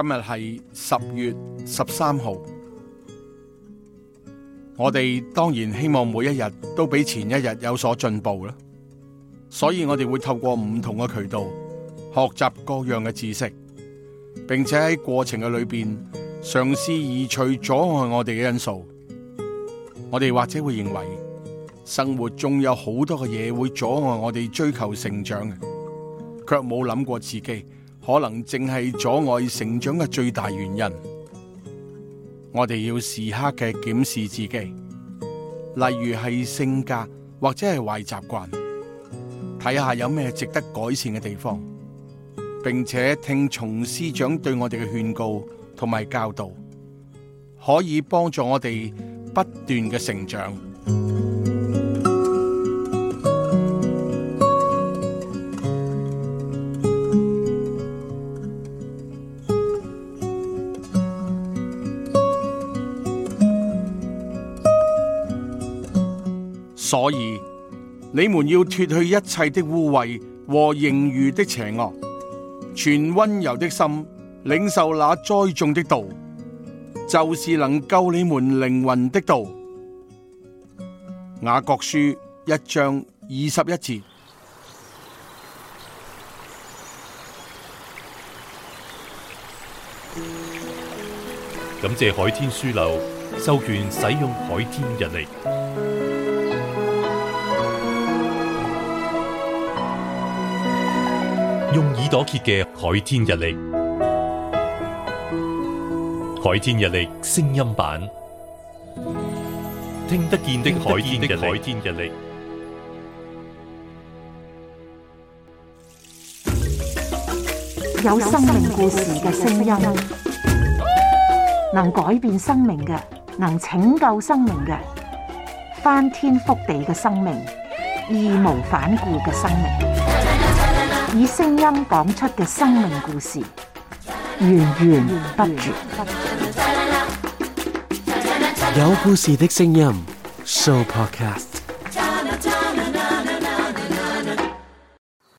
今日係十月十三號，我哋當然希望每一日都比前一日有所進步啦。所以我哋會透過唔同嘅渠道學習各樣嘅知識，並且喺過程嘅裏邊嘗試移除阻礙我哋嘅因素。我哋或者會認為生活仲有好多嘅嘢會阻礙我哋追求成長嘅，卻冇諗過自己，可能正係阻礙成長嘅最大原因，我哋要時刻嘅檢視自己，例如係性格或者係壞習慣，睇下有咩值得改善嘅地方，並且聽從師長對我哋嘅勸告同埋教導，可以幫助我哋不斷嘅成長。所以你們要脱去一切的污穢和盈餘的邪惡，存温柔的心，領受那栽種的道，就是能救你們靈魂的道。雅各書一章二十一節。感謝海天書樓授權使用海天日曆。用耳朵揭嘅《海天日曆》，《海天日曆》聲音版，聽得見的《海天日曆》，有生命故事嘅聲音，能改變生命嘅，能拯救生命嘅，翻天覆地嘅生命，義無反顧嘅生命。以聲音講出嘅生命故事，源源不絕。有故事的聲音，Sooo Podcast。